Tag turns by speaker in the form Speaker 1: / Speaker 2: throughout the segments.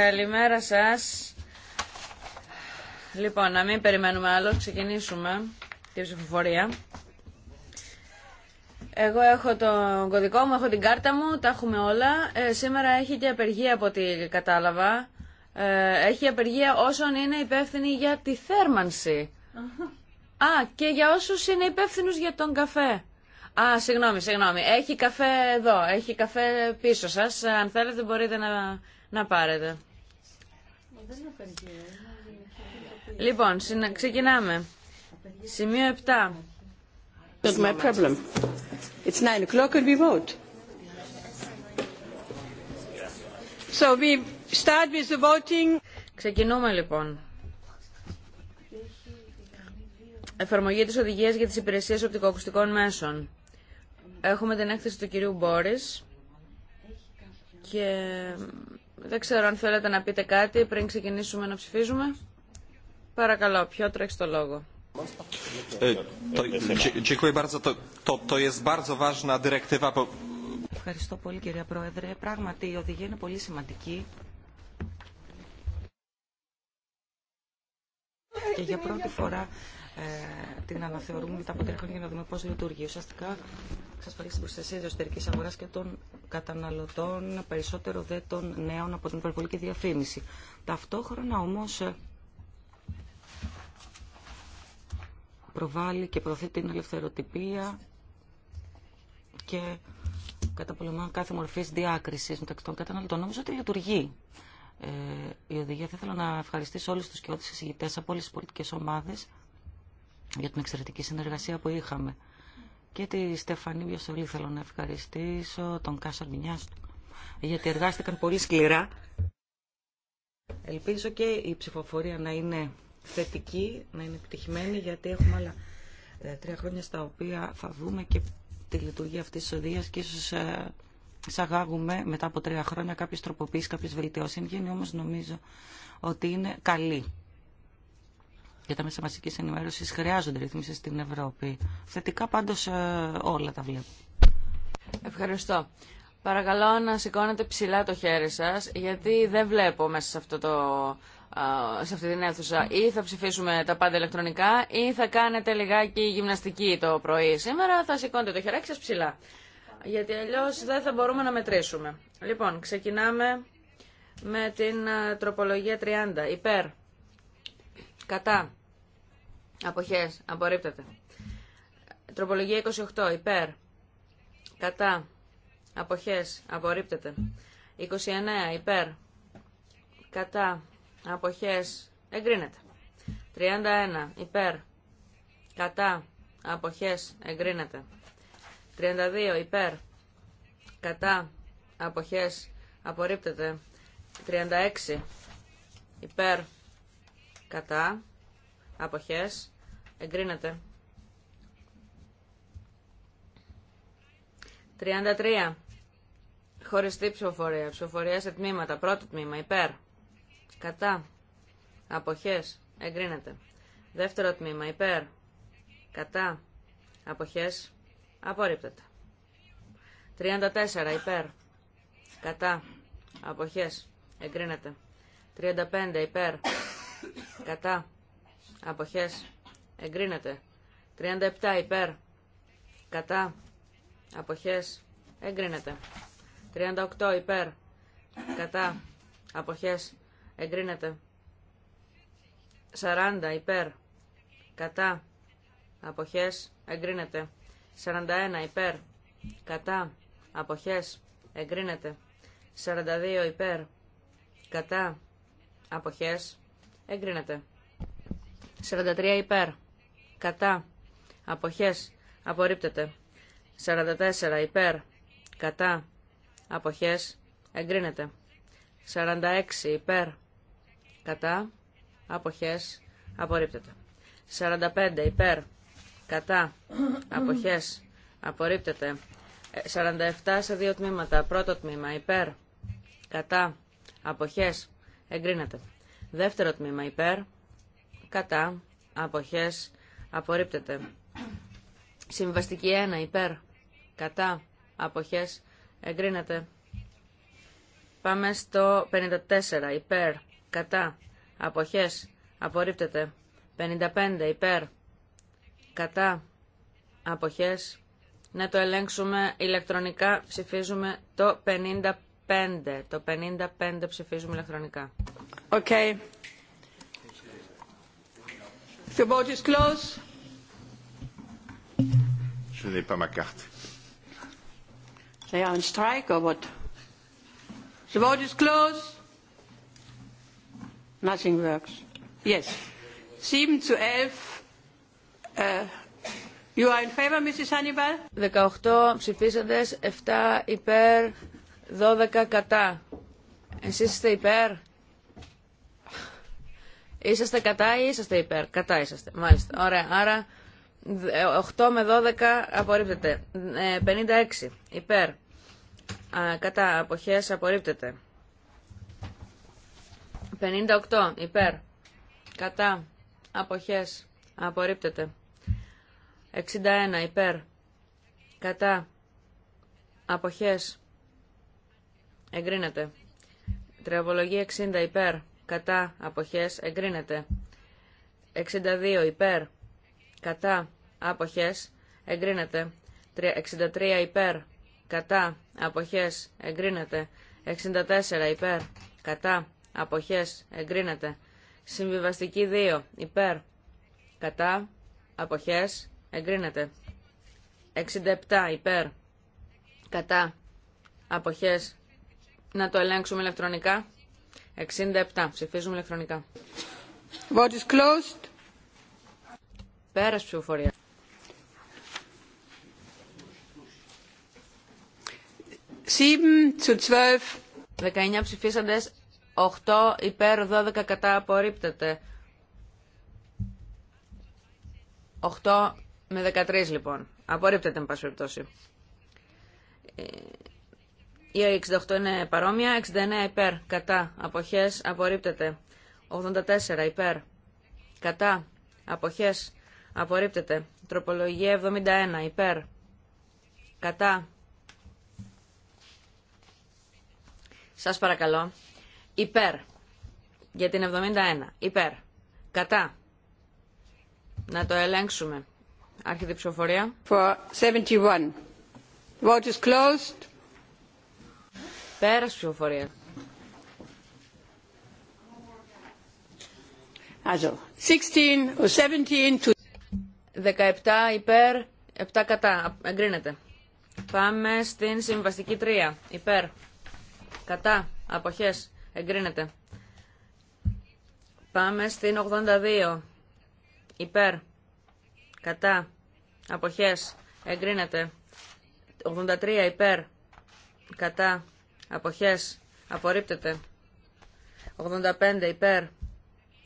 Speaker 1: Καλημέρα σας. Λοιπόν, να μην περιμένουμε άλλο, ξεκινήσουμε τη ψηφοφορία. Εγώ έχω τον κωδικό μου, έχω την κάρτα μου, τα έχουμε όλα. Ε, σήμερα έχει και απεργία από ό,τι κατάλαβα. Ε, έχει απεργία όσων είναι υπεύθυνοι για τη θέρμανση. Α, και για όσους είναι υπεύθυνους για τον καφέ. Α, συγγνώμη, συγγνώμη. Έχει καφέ εδώ, έχει καφέ πίσω σας. Αν θέλετε μπορείτε να, να πάρετε. Λοιπόν, ξεκινάμε. Σημείο 7. Not my It's o'clock and we vote. So we start with the voting. Ξεκινούμε λοιπόν. Εφαρμογή της οδηγίας για τις υπηρεσίες οπτικοακουστικών μέσων. Έχουμε την έκθεση του κυρίου Μπόρις και δεν ξέρω αν θέλετε να πείτε κάτι πριν ξεκινήσουμε να ψηφίζουμε.
Speaker 2: Παρακαλώ, ποιο τρέχει το λόγο. Ευχαριστώ πολύ κυρία Πρόεδρε. Πράγματι η οδηγία είναι πολύ σημαντική. Και για πρώτη φορά ε, την αναθεωρούμε μετά από τρία χρόνια για να δούμε πώ λειτουργεί. Ουσιαστικά εξασφαλίσει την προστασία τη εσωτερική αγορά και των καταναλωτών, περισσότερο δε των νέων από την υπερβολική διαφήμιση. Ταυτόχρονα όμω ε, προβάλλει και προωθεί την ελευθεροτυπία και καταπολεμά κάθε μορφή διάκριση μεταξύ των καταναλωτών. Νομίζω ότι λειτουργεί ε, η οδηγία. Θα ήθελα να ευχαριστήσω όλου του και όλε τι από όλε τι πολιτικέ ομάδε για την εξαιρετική συνεργασία που είχαμε. Και τη Στεφανή Βιωσολή θέλω να ευχαριστήσω, τον Κάσα του, γιατί εργάστηκαν πολύ σκληρά. Ελπίζω και η ψηφοφορία να είναι θετική, να είναι επιτυχημένη, γιατί έχουμε άλλα ε, τρία χρόνια στα οποία θα δούμε και τη λειτουργία αυτής της οδείας και ίσως ε, εισαγάγουμε μετά από τρία χρόνια κάποιες τροποποίησεις, κάποιες βελτιώσεις. Εν γένει όμως νομίζω ότι είναι καλή για τα μέσα μαζική ενημέρωση χρειάζονται ρυθμίσει στην Ευρώπη. Θετικά πάντως ε, όλα τα βλέπω.
Speaker 1: Ευχαριστώ. Παρακαλώ να σηκώνετε ψηλά το χέρι σα, γιατί δεν βλέπω μέσα σε, αυτό το, σε αυτή την αίθουσα. Ή θα ψηφίσουμε τα πάντα ηλεκτρονικά, ή θα κάνετε λιγάκι γυμναστική το πρωί. Σήμερα θα σηκώνετε το χεράκι σας ψηλά, γιατί αλλιώς δεν θα μπορούμε να μετρήσουμε. Λοιπόν, ξεκινάμε με την τροπολογία 30. Υπέρ. Κατά. Αποχές. Απορρίπτεται. Τροπολογία 28. Υπέρ. Κατά. Αποχές. Απορρίπτεται. 29. Υπέρ. Κατά. Αποχές. Εγκρίνεται. 31. Υπέρ. Κατά. Αποχές. Εγκρίνεται. 32. Υπέρ. Κατά. Αποχές. Απορρίπτεται. 36. Υπέρ. Κατά. Αποχές. Εγκρίνεται. 33. Χωριστή ψηφοφορία. Ψηφοφορία σε τμήματα. Πρώτο τμήμα. Υπέρ. Κατά. Αποχές. Εγκρίνεται. Δεύτερο τμήμα. Υπέρ. Κατά. Αποχές. Απορρίπτεται. 34. Υπέρ. Κατά. Αποχές. Εγκρίνεται. 35. Υπέρ. Κατά. Αποχές εγκρίνεται. 37 υπέρ, κατά, αποχές, εγκρίνεται. 38 υπέρ, κατά, αποχές, εγκρίνεται. 40 υπέρ, κατά, αποχές, εγκρίνεται. 41 υπέρ, κατά, αποχές, εγκρίνεται. 42 υπέρ, κατά, αποχές, εγκρίνεται. 43 υπέρ, κατά, αποχές, απορρίπτεται. 44 υπέρ, κατά, αποχές, εγκρίνεται. 46 υπέρ, κατά, αποχές, απορρίπτεται. 45 υπέρ, κατά, αποχές, απορρίπτεται. 47 ε, σε δύο τμήματα, πρώτο τμήμα υπέρ, κατά, αποχές, εγκρίνεται. Δεύτερο τμήμα υπέρ, κατά, αποχές, απορρίπτεται. Συμβαστική 1 υπέρ κατά αποχές εγκρίνεται. Πάμε στο 54 υπέρ κατά αποχές απορρίπτεται. 55 υπέρ κατά αποχές να το ελέγξουμε ηλεκτρονικά ψηφίζουμε το 55 το 55 ψηφίζουμε ηλεκτρονικά
Speaker 3: okay The vote is closed. Je n'ai pas ma carte. They are on strike or what? The vote is closed. Nothing works. Yes. 7 to 11. You are in favor, Mrs. Hannibal?
Speaker 1: 18 ψηφίσαντες, 7 υπέρ, 12 κατά. Εσείς είστε υπέρ. Είσαστε κατά ή είσαστε υπέρ. Κατά είσαστε. Μάλιστα. Ωραία. Άρα 8 ε, με 12 απορρίπτεται. 56 ε, υπέρ. Κατά αποχές απορρίπτεται. 58 υπέρ. Κατά αποχές απορρίπτεται. 61 υπέρ. Κατά αποχές εγκρίνεται. Τριαβολογία 60 υπέρ κατά αποχές εγκρίνεται. 62 υπέρ κατά αποχές εγκρίνεται. 63 υπέρ κατά αποχές εγκρίνεται. 64 υπέρ κατά αποχές εγκρίνεται. Συμβιβαστική 2 υπέρ κατά αποχές εγκρίνεται. 67 υπέρ κατά αποχές να το ελέγξουμε ηλεκτρονικά. 67. Ψηφίζουμε ηλεκτρονικά. Vote is closed. ψηφοφορία. Zu 12. 19 ψηφίσαντε. 8 υπέρ, 12 κατά απορρίπτεται. 8 με 13 λοιπόν. Απορρίπτεται με πάση περιπτώσει. Ε, η 68 είναι παρόμοια. 69 υπέρ. Κατά. Αποχές. Απορρίπτεται. 84 υπέρ. Κατά. Αποχές. Απορρίπτεται. Τροπολογία 71 υπέρ. Κατά. Σας παρακαλώ. Υπέρ. Για την 71. Υπέρ. Κατά. Να το ελέγξουμε. Άρχεται ψηφοφορία. 71. Vote is closed ψηφοφορία. 16 17 υπέρ, 7 κατά. Εγκρίνεται. Πάμε στην συμβαστική 3. Υπέρ. Κατά. Αποχές. Εγκρίνεται. Πάμε στην 82. Υπέρ. Κατά. Αποχές. Εγκρίνεται. 83 υπέρ. Κατά. Αποχές. Απορρίπτεται. 85 υπέρ.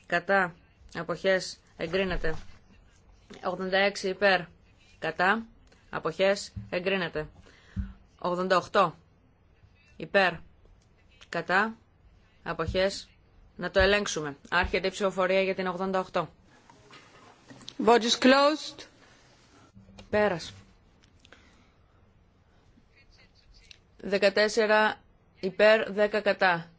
Speaker 1: Κατά. Αποχές. Εγκρίνεται. 86 υπέρ. Κατά. Αποχές. Εγκρίνεται. 88 υπέρ. Κατά. Αποχές. Να το ελέγξουμε. Άρχεται η ψηφοφορία για την 88. Vote closed. Πέρας. 14 υπέρ 10 κατά.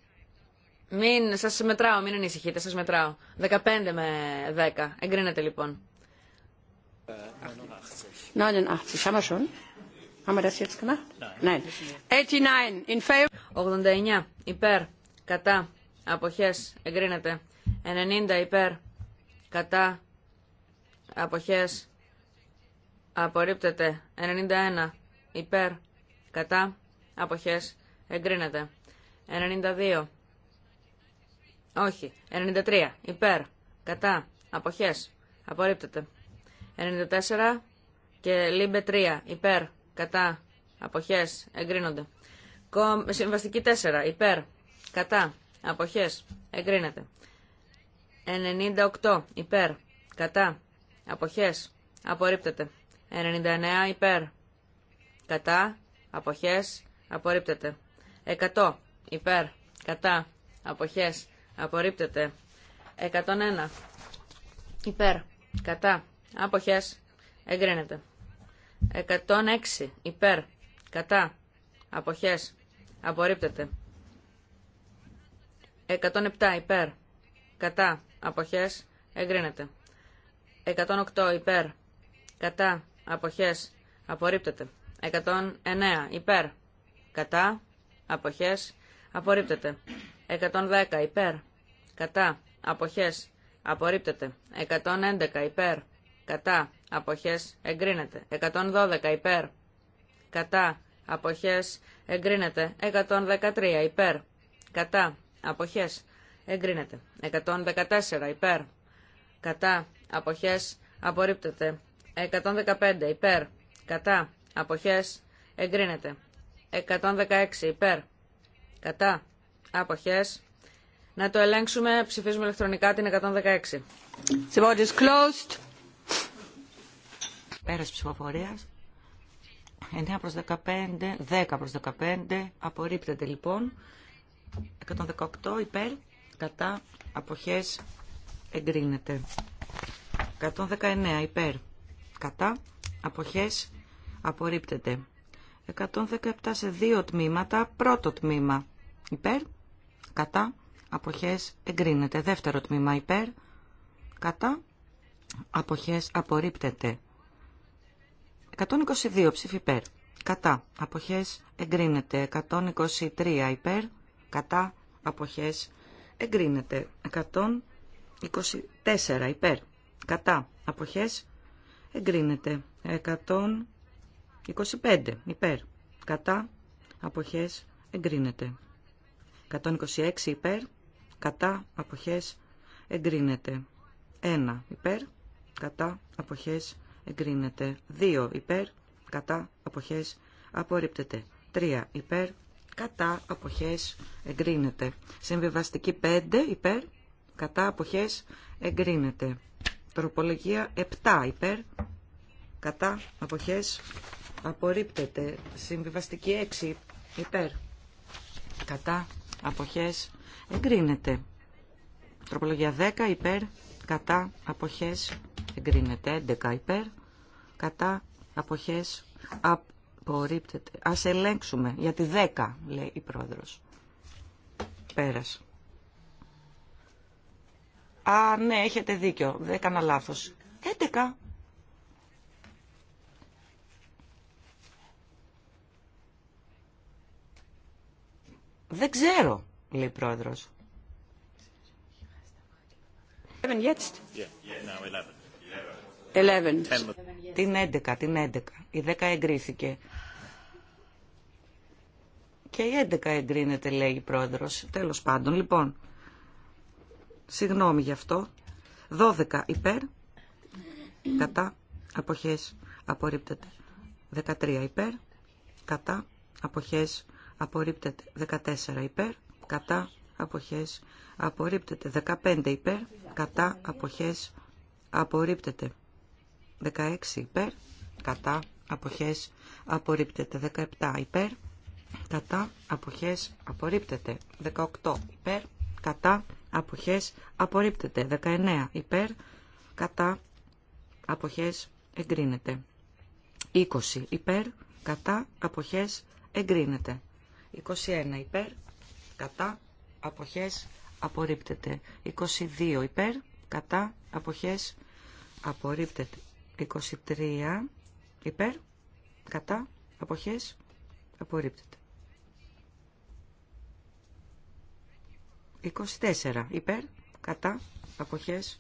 Speaker 1: Μην, σας μετράω, μην ανησυχείτε, σας μετράω. 15 με 10. Εγκρίνεται λοιπόν. 89 υπέρ, κατά, αποχές, εγκρίνεται. 90 υπέρ, κατά, αποχές, απορρίπτεται. 91 υπέρ, κατά, αποχές, Εγκρίνεται. 92. Όχι. 93. Υπέρ. Κατά. Αποχές. Απορρίπτεται. 94 και λίμπε 3. Υπέρ. Κατά. Αποχές. Εγκρίνονται. Συμβαστική 4. Υπέρ. Κατά. Αποχές. Εγκρίνεται. 98. Υπέρ. Κατά. Αποχές. Απορρίπτεται. 99. Υπέρ. Κατά. Αποχές. Απορρίπτεται. 100 υπέρ, κατά, αποχές, απορρίπτεται. 101 υπέρ, κατά, αποχές, εγκρίνεται. 106 υπέρ, κατά, αποχές, απορρίπτεται. 107 υπέρ, κατά, αποχές, εγκρίνεται. 108 υπέρ, κατά, αποχές, απορρίπτεται. 109 υπέρ, κατά, αποχές, απορρίπτεται. 110 υπέρ, κατά, αποχές, απορρίπτεται. 111 υπέρ, κατά, αποχές, εγκρίνεται. 112 υπέρ, κατά, αποχές, εγκρίνεται. 113 υπέρ, κατά, αποχές, εγκρίνεται. 114 υπέρ, κατά, αποχές, απορρίπτεται. 115 υπέρ, κατά, αποχές, εγκρίνεται. 116 υπέρ. Κατά. Αποχές. Να το ελέγξουμε. Ψηφίζουμε ηλεκτρονικά την 116. The vote
Speaker 2: is closed. Πέρας ψηφοφορίας. 9 προς 15, 10 προς 15. Απορρίπτεται λοιπόν. 118 υπέρ. Κατά. Αποχές. Εγκρίνεται. 119 υπέρ. Κατά. Αποχές. Απορρίπτεται. 117 σε δύο τμήματα. Πρώτο τμήμα υπέρ, κατά, αποχές εγκρίνεται. Δεύτερο τμήμα υπέρ, κατά, αποχές απορρίπτεται. 122 ψήφι υπέρ, κατά, αποχές εγκρίνεται. 123 υπέρ, κατά, αποχές εγκρίνεται. 124 υπέρ, κατά, αποχές εγκρίνεται. 25 υπέρ. Κατά αποχές εγκρίνεται. 126 υπέρ. Κατά αποχές εγκρίνεται. 1 υπέρ. Κατά αποχές εγκρίνεται. 2 υπέρ. Κατά αποχές απορρίπτεται. 3 υπέρ. Κατά αποχές εγκρίνεται. Συμβιβαστική 5 υπέρ. Κατά αποχές εγκρίνεται. Τροπολογία 7 υπέρ. Κατά αποχές απορρίπτεται. Συμβιβαστική 6 υπέρ. Κατά αποχές εγκρίνεται. Τροπολογία 10 υπέρ. Κατά αποχές εγκρίνεται. 11 υπέρ. Κατά αποχές απορρίπτεται. Ας ελέγξουμε για τη 10 λέει η πρόεδρος. Πέρας. Α, ναι, έχετε δίκιο. Δεν έκανα λάθος. 11. Δεν ξέρω, λέει πρόεδρο. Την 11, την 11. Η 10 εγκρίθηκε. Και η 11 εγκρίνεται, λέει η πρόεδρος. Τέλος πάντων, λοιπόν. Συγγνώμη γι' αυτό. 12 υπέρ. Κατά. Αποχές. Απορρίπτεται. 13 υπέρ. Κατά. Αποχές απορρίπτεται 14 υπέρ, κατά αποχές απορρίπτεται 15 υπέρ, κατά αποχές απορρίπτεται 16 υπέρ, κατά αποχές απορρίπτεται 17 υπέρ, κατά αποχές απορρίπτεται 18 υπέρ, κατά αποχές απορρίπτεται 19 υπέρ, κατά αποχές εγκρίνεται 20 υπέρ, κατά αποχές εγκρίνεται 21 υπέρ, κατά, αποχές, απορρίπτεται. 22 υπέρ, κατά, αποχές, απορρίπτεται. 23 υπέρ, κατά, αποχές, απορρίπτεται. 24 υπέρ, κατά, αποχές,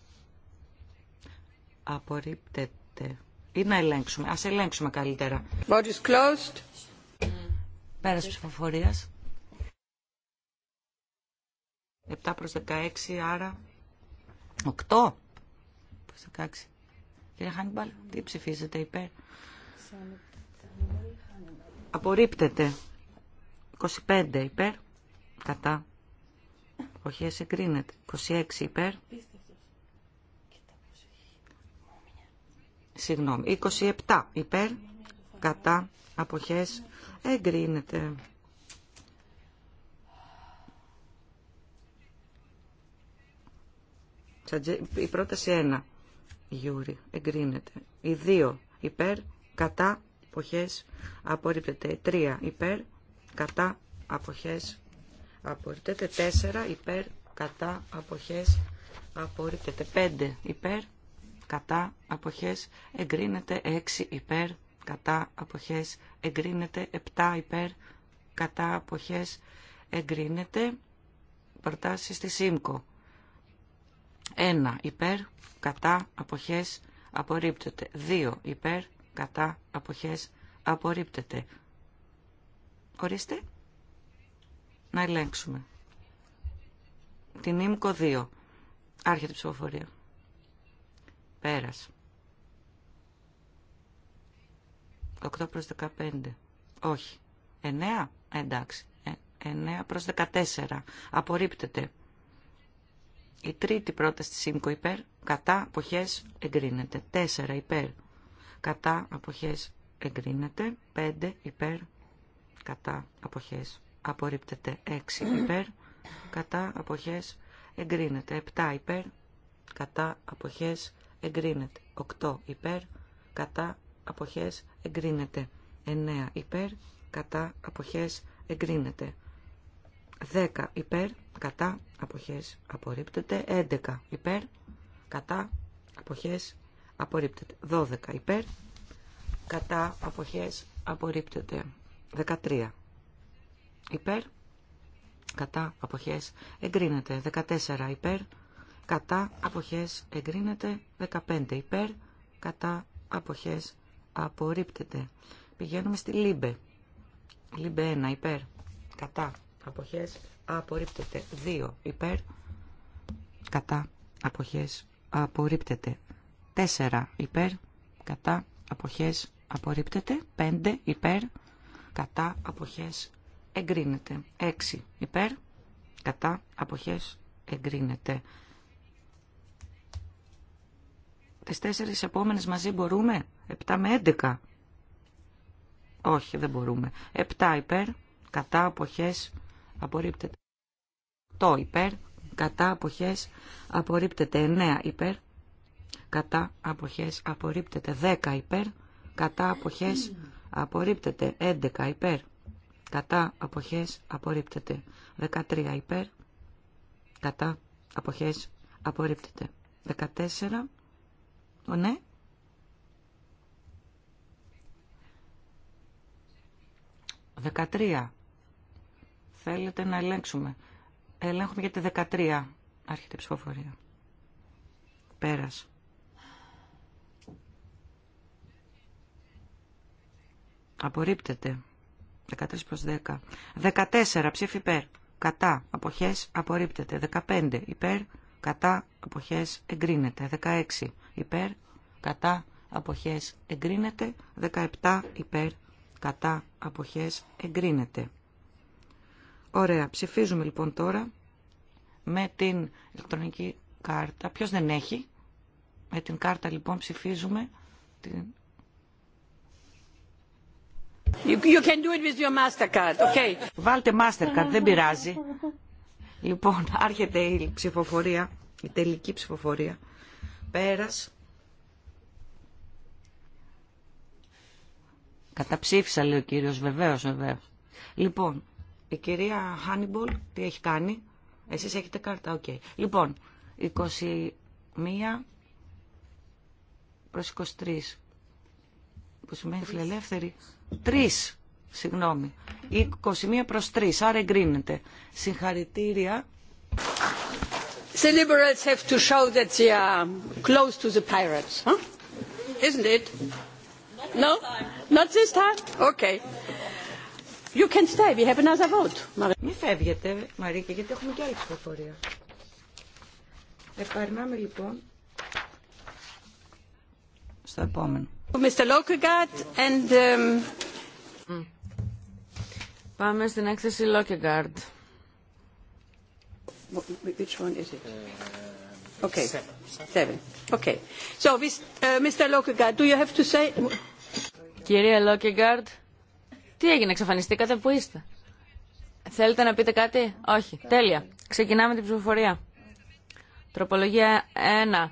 Speaker 2: απορρίπτεται. Ή να ελέγξουμε. Ας ελέγξουμε καλύτερα. Vote is closed. Πέρας ψηφοφορίας. 7 προς 16, άρα 8 προς 16. Κύριε Χάνιμπαλ, τι ψηφίζετε υπέρ. Απορρίπτεται. 25 υπέρ. Κατά. Όχι, εγκρίνεται. 26 υπέρ. Συγγνώμη. 27 υπέρ. Κατά. Αποχές εγκρίνεται. Η πρόταση 1, Γιούρι, εγκρίνεται. Η 2, υπέρ, κατά, αποχές, απορρίπτεται. 3, υπέρ, κατά, αποχές, απορρίπτεται. 4, υπέρ, κατά, αποχές, απορρίπτεται. 5, υπέρ, κατά, αποχές, εγκρίνεται. 6, υπέρ, κατά, αποχές, εγκρίνεται. 7 υπέρ κατά αποχές εγκρίνεται. Προτάσεις της ΣΥΜΚΟ. 1 υπέρ κατά αποχές απορρίπτεται. 2 υπέρ κατά αποχές απορρίπτεται. Ορίστε. Να ελέγξουμε. Την ΙΜΚΟ 2. Άρχεται η ψηφοφορία. Πέρασε. 8 προς 15. Όχι. 9. Εντάξει. 9 ε, προς 14. Απορρίπτεται. Η τρίτη πρόταση της ΣΥΜΚΟ υπέρ. Κατά αποχές εγκρίνεται. 4 υπέρ. Κατά αποχές εγκρίνεται. 5 υπέρ. Κατά αποχές απορρίπτεται. 6 υπέρ. Κατά αποχές εγκρίνεται. 7 υπέρ. Κατά αποχές εγκρίνεται. 8 υπέρ. Κατά αποχές εγκρίνεται. 9 υπέρ, κατά, αποχές εγκρίνεται. 10 υπέρ, κατά, αποχές απορρίπτεται. 11 υπέρ, κατά, αποχές απορρίπτεται. 12 υπέρ, κατά, αποχές απορρίπτεται. 13 υπέρ, κατά, αποχές εγκρίνεται. 14 υπέρ, κατά, αποχές εγκρίνεται. 15 υπέρ, κατά, αποχές απορρίπτεται. Πηγαίνουμε στη Λίμπε. Λίμπε 1 υπέρ. Κατά. Αποχές απορρίπτεται. 2 υπέρ. Κατά. Αποχές απορρίπτεται. 4 υπέρ. Κατά. Αποχές απορρίπτεται. 5 υπέρ. Κατά. Αποχές εγκρίνεται. 6 υπέρ. Κατά. Αποχές εγκρίνεται. Τις τέσσερις επόμενες μαζί μπορούμε. 7 με 11. Όχι, δεν μπορούμε. 7 υπέρ, κατά αποχές, απορρίπτεται. 8 υπέρ, κατά αποχές, απορρίπτεται. 9 υπέρ, κατά αποχές, απορρίπτεται. 10 υπέρ, κατά αποχές, απορρίπτεται. 11 υπέρ, κατά αποχές, απορρίπτεται. 13 υπέρ, κατά αποχές, απορρίπτεται. 14, ναι, 13. Θέλετε να ελέγξουμε. Ελέγχουμε για τη 13. Άρχεται η ψηφοφορία. Πέρας. Απορρίπτεται. 13 προς 10. 14. Ψήφι υπέρ. Κατά. Αποχές. Απορρίπτεται. 15. Υπέρ. Κατά. Αποχές. Εγκρίνεται. 16. Υπέρ. Κατά. Αποχές. Εγκρίνεται. 17. Υπέρ κατά αποχές εγκρίνεται. Ωραία, ψηφίζουμε λοιπόν τώρα με την ηλεκτρονική κάρτα. Ποιος δεν έχει, με την κάρτα λοιπόν ψηφίζουμε την... You, can do it with your Mastercard, okay. Βάλτε Mastercard, δεν πειράζει. Λοιπόν, άρχεται η ψηφοφορία, η τελική ψηφοφορία. Πέρας. Καταψήφισα, λέει ο κύριος, Βεβαίω, βεβαίως. Λοιπόν, η κυρία Χάνιμπολ τι έχει κάνει. Εσείς έχετε κάρτα, οκ. Λοιπόν, 21 προς 23, που σημαίνει φιλελεύθερη, 3, συγγνώμη, 21 προς 3, άρα εγκρίνεται. Συγχαρητήρια. The liberals have to show that they are close to the
Speaker 3: pirates, huh? Isn't it? No? Not this time? Okay.
Speaker 2: You can stay. We have another vote. Μην φεύγετε, Μαρίκη, γιατί έχουμε και άλλη ψηφοφορία. Επαρνάμε λοιπόν στο επόμενο. Mr. and, um...
Speaker 1: Πάμε στην έκθεση Lockegaard.
Speaker 2: Which one is it? Okay. Seven.
Speaker 1: Okay.
Speaker 3: So, Mr. Lockegaard, do you have to say...
Speaker 1: Κυρία Λόκεγκάρντ, τι έγινε, εξαφανιστήκατε, πού είστε. Θέλετε να πείτε κάτι, όχι. Τέλεια. Ξεκινάμε την ψηφοφορία. Τροπολογία 1.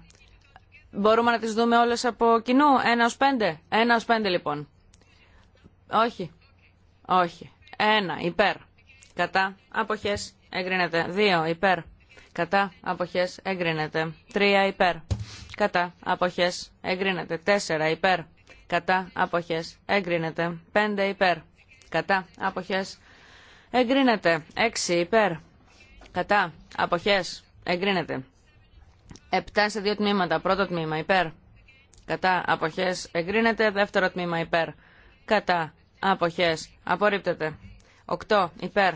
Speaker 1: Μπορούμε να τις δούμε όλες από κοινού, 1 ως 5. 1 ως 5 λοιπόν. Όχι. Όχι. 1. Υπέρ. Κατά. Αποχές. Εγκρίνεται. 2. Υπέρ. Κατά. Αποχές. Εγκρίνεται. 3. Υπέρ. Κατά. Αποχές. Εγκρίνεται. 4. Υπέρ κατά αποχές εγκρίνεται 5 υπέρ κατά αποχές εγκρίνεται 6 υπέρ κατά αποχές εγκρίνεται 7 σε δύο τμήματα πρώτο τμήμα υπέρ κατά αποχές εγκρίνεται δεύτερο τμήμα υπέρ κατά αποχές απορρίπτεται 8 υπέρ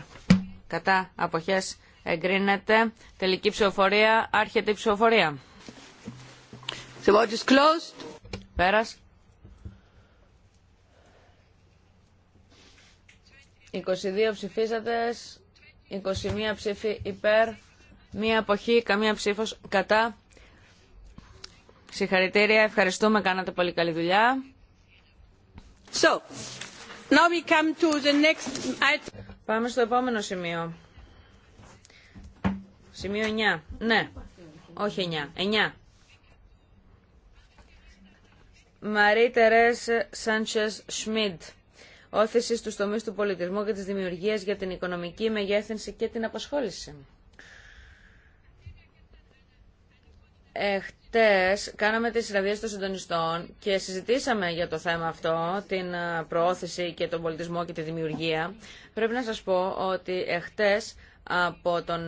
Speaker 1: κατά αποχές εγκρίνεται τελική ψηφοφορία άρχεται η ψηφοφορία The vote closed. Πέρας. 22 ψηφίζατες, 21 ψήφοι υπέρ, μία αποχή, καμία ψήφος κατά. Συγχαρητήρια, ευχαριστούμε, κάνατε πολύ καλή δουλειά. So, now we come to the next... Πάμε στο επόμενο σημείο. Σημείο 9. Ναι, όχι 9. 9. Μαρή Τερές Sánchez Σμιντ όθηση στους τομείς του πολιτισμού και της δημιουργίας για την οικονομική μεγέθυνση και την απασχόληση. Εχτες κάναμε τις συναντήσεις των συντονιστών και συζητήσαμε για το θέμα αυτό, την ε, προώθηση και τον πολιτισμό και τη δημιουργία. Πρέπει να σας πω ότι εχτες από τον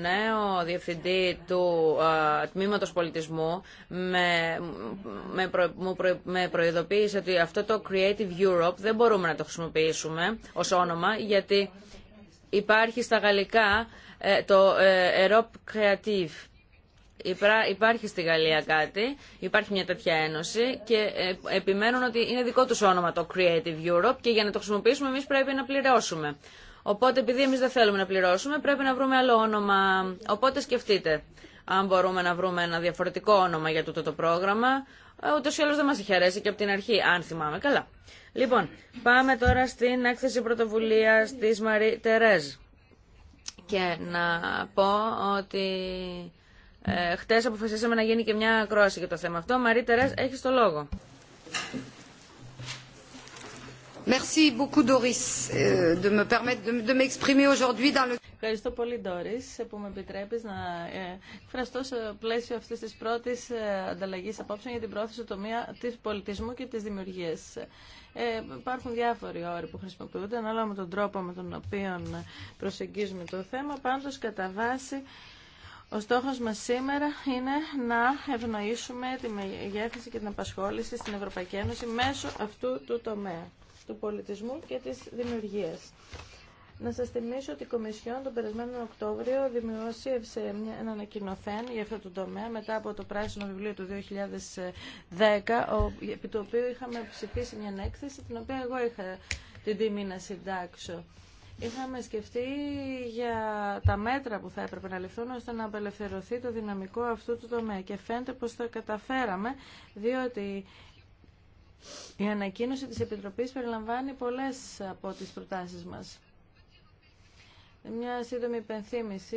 Speaker 1: νέο διευθυντή του α, ε, Τμήματος Πολιτισμού με, με, με προειδοποίησε ότι αυτό το Creative Europe δεν μπορούμε να το χρησιμοποιήσουμε ως όνομα γιατί υπάρχει στα γαλλικά ε, το ε, Europe Creative υπάρχει στη Γαλλία κάτι, υπάρχει μια τέτοια ένωση και ε, επιμένουν ότι είναι δικό τους όνομα το Creative Europe και για να το χρησιμοποιήσουμε εμείς πρέπει να πληρώσουμε. Οπότε επειδή εμείς δεν θέλουμε να πληρώσουμε πρέπει να βρούμε άλλο όνομα. Οπότε σκεφτείτε αν μπορούμε να βρούμε ένα διαφορετικό όνομα για τούτο το πρόγραμμα. Ε, Ούτω ή άλλω δεν μα είχε αρέσει και από την αρχή, αν θυμάμαι καλά. Λοιπόν, πάμε τώρα στην έκθεση πρωτοβουλία τη Μαρή Τερέζ. Και να πω ότι ε, αποφασίσαμε να γίνει και μια ακρόαση για το θέμα αυτό. Μαρή Τερέζ, έχει το λόγο. Ευχαριστώ πολύ Ντορί
Speaker 3: που με επιτρέπει να ε, εκφραστώ στο πλαίσιο αυτή τη πρώτη ε, ανταλλαγή απόψεων για την πρόθεση του τομέα της πολιτισμού και τη δημιουργία. Ε, υπάρχουν διάφοροι όροι που χρησιμοποιούνται ανάλογα με τον τρόπο με τον οποίο προσεγγίζουμε το θέμα. Πάντω, κατά βάση ο στόχος μας σήμερα είναι να ευνοήσουμε τη μεγέθυνση και την απασχόληση στην Ευρωπαϊκή Ένωση μέσω αυτού του τομέα του πολιτισμού και της δημιουργίας. Να σας θυμίσω ότι η Κομισιόν τον περασμένο Οκτώβριο δημιούργησε έναν ανακοινοθέν για αυτό το τομέα μετά από το πράσινο βιβλίο του 2010, επί το οποίο είχαμε ψηφίσει μια έκθεση την οποία εγώ είχα την τιμή να συντάξω. Είχαμε σκεφτεί για τα μέτρα που θα έπρεπε να ληφθούν ώστε να απελευθερωθεί το δυναμικό αυτού του τομέα και φαίνεται πως το καταφέραμε διότι η ανακοίνωση της Επιτροπής περιλαμβάνει πολλές από τις προτάσεις μας. Μια σύντομη υπενθύμηση,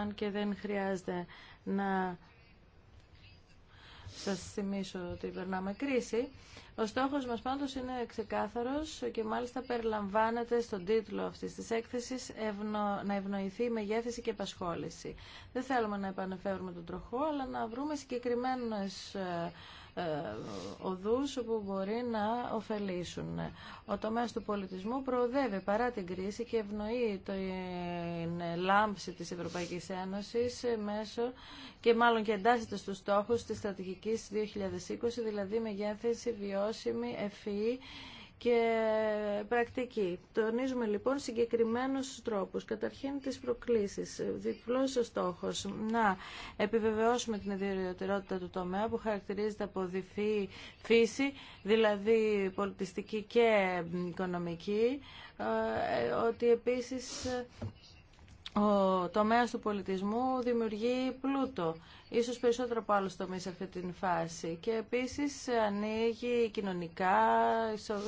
Speaker 3: αν και δεν χρειάζεται να σας θυμίσω ότι περνάμε κρίση. Ο στόχος μας πάντως είναι ξεκάθαρος και μάλιστα περιλαμβάνεται στον τίτλο αυτής της έκθεσης να ευνοηθεί η μεγέθηση και επασχόληση. Δεν θέλουμε να επανεφεύρουμε τον τροχό, αλλά να βρούμε συγκεκριμένες ε, ε, οδούς που μπορεί να ωφελήσουν. Ο τομέας του πολιτισμού προοδεύει παρά την κρίση και ευνοεί την λάμψη της Ευρωπαϊκής Ένωσης μέσω και μάλλον και εντάσσεται στους στόχους της στρατηγικής 2020, δηλαδή μεγέθυνση βιώσιμη, ευφυή και πρακτική. Τονίζουμε λοιπόν συγκεκριμένους τρόπους. Καταρχήν τις προκλήσεις. Διπλός ο στόχος να επιβεβαιώσουμε την ιδιαιτερότητα του τομέα που χαρακτηρίζεται από διφή φύση, δηλαδή πολιτιστική και οικονομική, ε, ότι επίσης ο τομέας του πολιτισμού δημιουργεί πλούτο ίσως περισσότερο από άλλους τομείς σε αυτή την φάση. Και επίσης ανοίγει κοινωνικά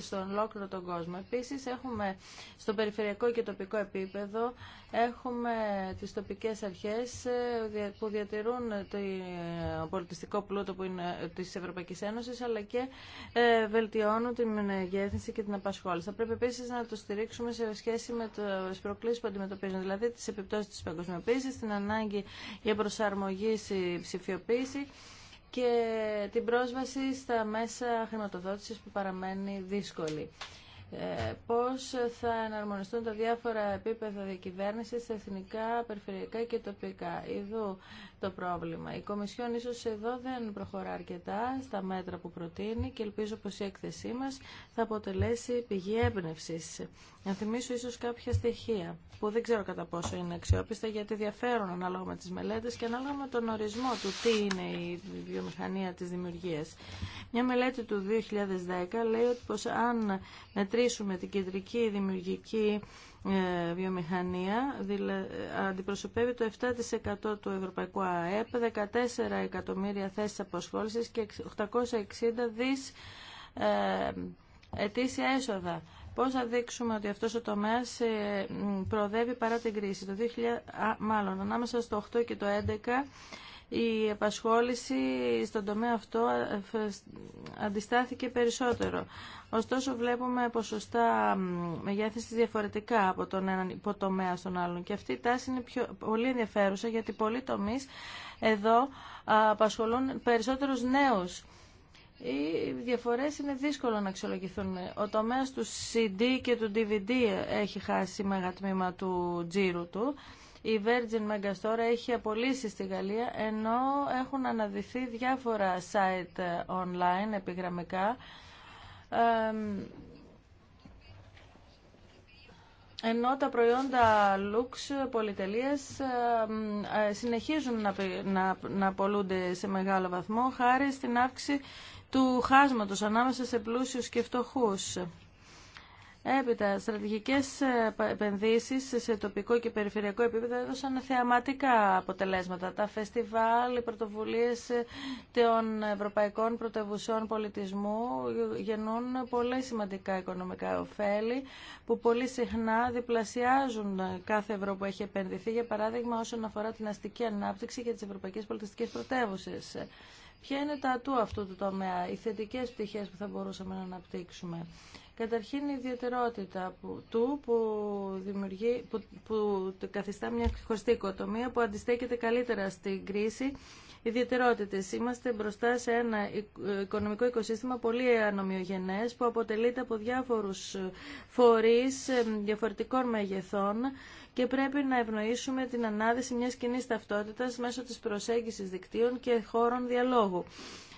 Speaker 3: στον ολόκληρο τον κόσμο. Επίσης έχουμε στο περιφερειακό και τοπικό επίπεδο έχουμε τις τοπικές αρχές ε, που διατηρούν το ε, πολιτιστικό πλούτο που είναι ε, της Ευρωπαϊκής Ένωσης αλλά και βελτιώνουν την γέθνηση και την απασχόληση. Θα πρέπει επίσης να το στηρίξουμε σε σχέση με τις προκλήσεις που αντιμετωπίζουν, δηλαδή τις επιπτώσεις της παγκοσμιοποίησης, την ανάγκη για προσαρμογή ψηφιοποίηση και την πρόσβαση στα μέσα χρηματοδότησης που παραμένει δύσκολη. Ε, πώς θα εναρμονιστούν τα διάφορα επίπεδα διακυβέρνησης εθνικά, περιφερειακά και τοπικά. Εδώ το πρόβλημα. Η Κομισιόν ίσως εδώ δεν προχωρά αρκετά στα μέτρα που προτείνει και ελπίζω πως η έκθεσή μας θα αποτελέσει πηγή έμπνευση. Να θυμίσω ίσως κάποια στοιχεία που δεν ξέρω κατά πόσο είναι αξιόπιστα γιατί διαφέρουν ανάλογα με τις μελέτες και ανάλογα με τον ορισμό του τι είναι η βιομηχανία της δημιουργίας. Μια μελέτη του 2010 λέει ότι πως αν αναθεωρήσουμε την κεντρική δημιουργική ε, βιομηχανία, δηλα... αντιπροσωπεύει το 7% του ευρωπαϊκού ΑΕΠ, 14 εκατομμύρια θέσεις αποσχόλησης και 860 δις ε, ετήσια έσοδα. Πώς θα δείξουμε ότι αυτός ο τομέας ε, προοδεύει παρά την κρίση. Το 2000, α, μάλλον, ανάμεσα στο 8 και το 11 η επασχόληση στον τομέα αυτό ε, αντιστάθηκε περισσότερο. Ωστόσο βλέπουμε ποσοστά μεγέθυνσης διαφορετικά από τον έναν υποτομέα στον άλλον και αυτή η τάση είναι πολύ ενδιαφέρουσα γιατί πολλοί τομεί εδώ απασχολούν περισσότερους νέους. Οι διαφορές είναι δύσκολο να αξιολογηθούν. Ο τομέας του CD και του DVD έχει χάσει μεγατμήμα του τζίρου του. Η Virgin Megastore έχει απολύσει στη Γαλλία, ενώ έχουν αναδυθεί διάφορα site online επιγραμμικά. ενώ τα προϊόντα Lux πολυτελείας ε, συνεχίζουν να, να, σε μεγάλο βαθμό χάρη στην αύξηση του χάσματος ανάμεσα σε πλούσιους και φτωχούς. Έπειτα, στρατηγικέ ε, επενδύσει σε τοπικό και περιφερειακό επίπεδο έδωσαν θεαματικά αποτελέσματα. Τα φεστιβάλ, οι πρωτοβουλίε ε, των ευρωπαϊκών πρωτευουσών πολιτισμού γεννούν πολύ σημαντικά οικονομικά ωφέλη που πολύ συχνά διπλασιάζουν κάθε ευρώ που έχει επενδυθεί, για παράδειγμα όσον αφορά την αστική ανάπτυξη για τι ευρωπαϊκέ πολιτιστικέ πρωτεύουσες. Ποια είναι τα ατού αυτού του τομέα, οι θετικέ πτυχέ που θα μπορούσαμε να αναπτύξουμε. Καταρχήν η ιδιαιτερότητα που, του που, δημιουργεί, που, καθιστά μια χωριστή οικοτομία που αντιστέκεται καλύτερα στην κρίση ιδιαιτερότητες. Είμαστε μπροστά σε ένα οικονομικό οικοσύστημα πολύ ανομιογενές που αποτελείται από διάφορους φορείς διαφορετικών μεγεθών και πρέπει να ευνοήσουμε την ανάδυση μιας κοινή ταυτότητας μέσω της προσέγγισης δικτύων και χώρων διαλόγου.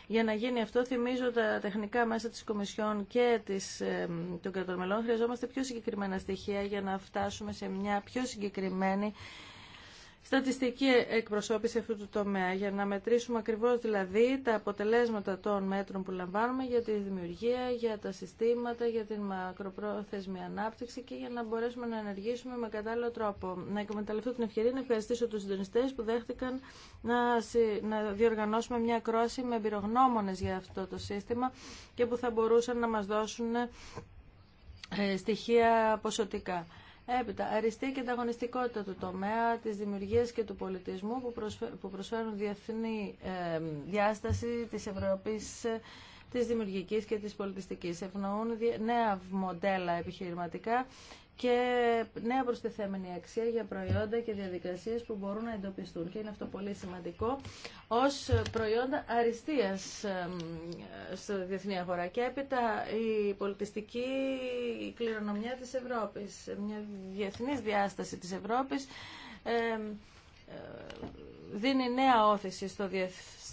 Speaker 3: Για να γίνει αυτό, θυμίζω τα τεχνικά μέσα της Κομισιόν και της, ε, των κρατών Χρειαζόμαστε πιο συγκεκριμένα στοιχεία για να φτάσουμε σε μια πιο συγκεκριμένη στατιστική εκπροσώπηση αυτού του τομέα για να μετρήσουμε ακριβώς δηλαδή τα αποτελέσματα των μέτρων που λαμβάνουμε για τη δημιουργία, για τα συστήματα, για την μακροπρόθεσμη ανάπτυξη και για να μπορέσουμε να ενεργήσουμε με κατάλληλο τρόπο. Να εκμεταλλευτώ την ευκαιρία να ευχαριστήσω τους συντονιστές που δέχτηκαν να, διοργανώσουμε μια κρόση με εμπειρογνώμονες για αυτό το σύστημα και που θα μπορούσαν να μας δώσουν ε, στοιχεία ποσοτικά. Έπειτα, αριστεί και ανταγωνιστικότητα του τομέα, της δημιουργίας και του πολιτισμού που προσφέρουν διεθνή διάσταση της Ευρωπής ε, της δημιουργικής και της πολιτιστικής. Ευνοούν νέα μοντέλα επιχειρηματικά και νέα προστιθέμενη αξία για προϊόντα και διαδικασίες που μπορούν να εντοπιστούν. Και είναι αυτό πολύ σημαντικό ως προϊόντα αριστείας στο διεθνή αγορά. Και έπειτα η πολιτιστική κληρονομιά της Ευρώπης, μια διεθνής διάσταση της Ευρώπης, ε, δίνει νέα όθηση στο,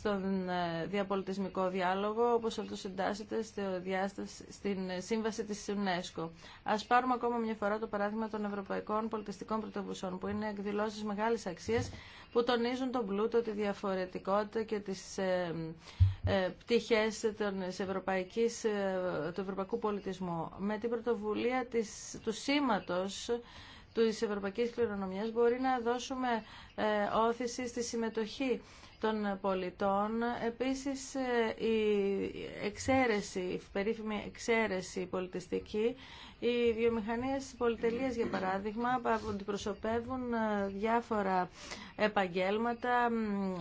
Speaker 3: στον ε, διαπολιτισμικό διάλογο, όπως αυτό συντάσσεται στη διάσταση, στην ε, σύμβαση της UNESCO. Ας πάρουμε ακόμα μια φορά το παράδειγμα των Ευρωπαϊκών Πολιτιστικών Πρωτοβουσών, που είναι εκδηλώσεις μεγάλης αξίας, που τονίζουν τον πλούτο, τη διαφορετικότητα και τις ε, ε πτυχές των, ευρωπαϊκής, του ευρωπαϊκού πολιτισμού. Με την πρωτοβουλία της, του σήματος, του Ευρωπαϊκής Κληρονομιάς μπορεί να δώσουμε όθηση στη συμμετοχή των πολιτών. Επίσης, ε, η εξαίρεση, η περίφημη εξαίρεση πολιτιστική, οι βιομηχανίες πολυτελείας, για παράδειγμα, αντιπροσωπεύουν ε, διάφορα επαγγέλματα,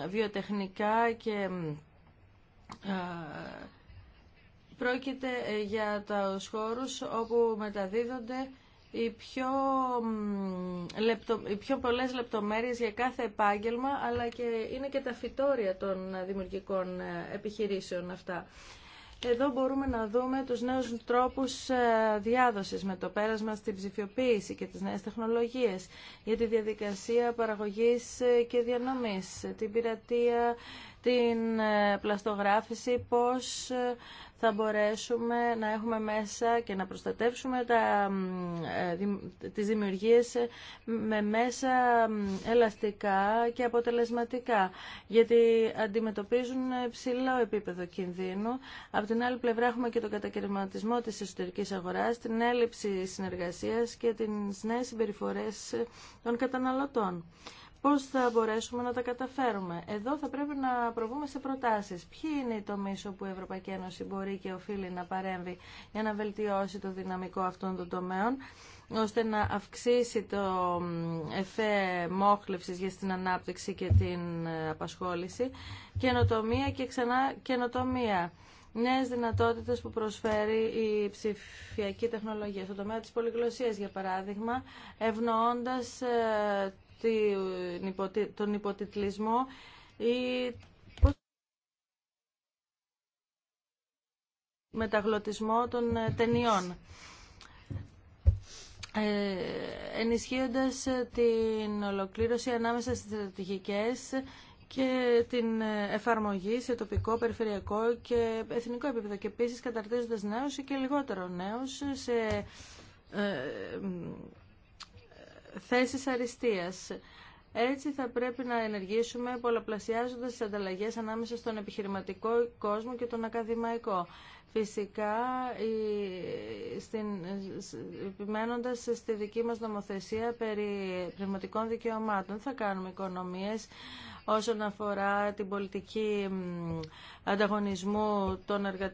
Speaker 3: βιοτεχνικά και ε, πρόκειται για τα χώρους όπου μεταδίδονται οι πιο, λεπτο, πιο πολλές λεπτομέρειες για κάθε επάγγελμα, αλλά και είναι και τα φυτόρια των δημιουργικών ε, επιχειρήσεων αυτά. Εδώ μπορούμε να δούμε τους νέους τρόπους ε, διάδοσης με το πέρασμα στην ψηφιοποίηση και τις νέες τεχνολογίες για τη διαδικασία παραγωγής ε, και διανομής, την πειρατεία, την πλαστογράφηση, πώς θα μπορέσουμε να έχουμε μέσα και να προστατεύσουμε τα, ε, τις δημιουργίες με μέσα ελαστικά και αποτελεσματικά, γιατί αντιμετωπίζουν ψηλό επίπεδο κινδύνου. Από την άλλη πλευρά έχουμε και τον κατακαιρματισμό της εσωτερικής αγοράς, την έλλειψη συνεργασίας και τις νέες συμπεριφορές των καταναλωτών πώς θα μπορέσουμε να τα καταφέρουμε. Εδώ θα πρέπει να προβούμε σε προτάσεις. Ποιοι είναι οι τομείς όπου η Ευρωπαϊκή Ένωση μπορεί και οφείλει να παρέμβει για να βελτιώσει το δυναμικό αυτών των τομέων, ώστε να αυξήσει το εφέ μόχλευσης για την ανάπτυξη και την ε, απασχόληση, καινοτομία και ξανά καινοτομία νέες δυνατότητες που προσφέρει η ψηφιακή τεχνολογία στον τομέα της πολυγλωσσίας, για παράδειγμα, ευνοώντας ε, τον υποτιτλισμό ή μεταγλωτισμό των ε, ταινιών ε, ενισχύοντας ε, την ολοκλήρωση ανάμεσα στις στρατηγικές και την εφαρμογή σε τοπικό, περιφερειακό και εθνικό επίπεδο και επίσης καταρτίζοντας νέους και λιγότερο νέους σε θέσεις αριστείας. Έτσι θα πρέπει να ενεργήσουμε πολλαπλασιάζοντας τις ανταλλαγές ανάμεσα στον επιχειρηματικό κόσμο και τον ακαδημαϊκό. Φυσικά, στην, επιμένοντας στη δική μας νομοθεσία περί πνευματικών δικαιωμάτων, θα κάνουμε οικονομίες όσον αφορά την πολιτική ανταγωνισμού, τον εργα...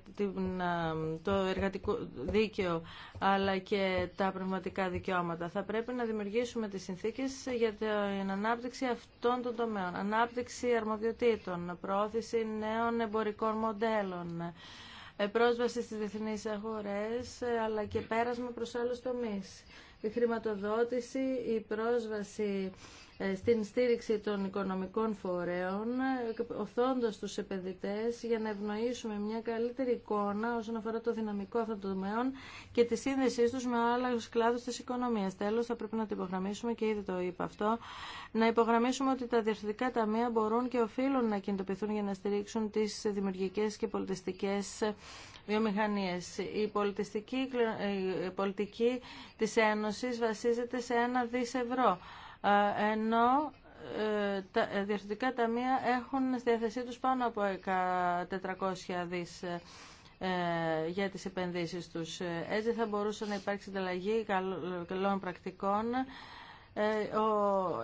Speaker 3: το εργατικό δίκαιο, αλλά και τα πνευματικά δικαιώματα. Θα πρέπει να δημιουργήσουμε τις συνθήκες για την ανάπτυξη αυτών των τομέων. Ανάπτυξη αρμοδιοτήτων, προώθηση νέων εμπορικών μοντέλων, ε, πρόσβαση στις διεθνείς αγορές, ε, αλλά και πέρασμα προς άλλους τομείς. Η χρηματοδότηση, η πρόσβαση ε, στην στήριξη των οικονομικών φορέων, ε, οθώντας τους επενδυτές για να ευνοήσουμε μια καλύτερη εικόνα όσον αφορά το δυναμικό αυτών των τομέων και τη σύνδεσή τους με άλλους κλάδους της οικονομίας. Τέλος, θα πρέπει να το υπογραμμίσουμε και ήδη το είπα αυτό, να υπογραμμίσουμε ότι τα διευθυντικά ταμεία μπορούν και οφείλουν να κινητοποιηθούν για να στηρίξουν τις δημιουργικές και πολιτιστικές βιομηχανίες. Η πολιτιστική ε, πολιτική της Ένωσης βασίζεται σε ένα δις ευρώ ενώ ε, τα ε, διευθυντικά ταμεία έχουν στη διάθεσή τους πάνω από 400 δις ε, για τις επενδύσεις τους. Έτσι θα μπορούσε να υπάρξει ανταλλαγή καλών πρακτικών ε,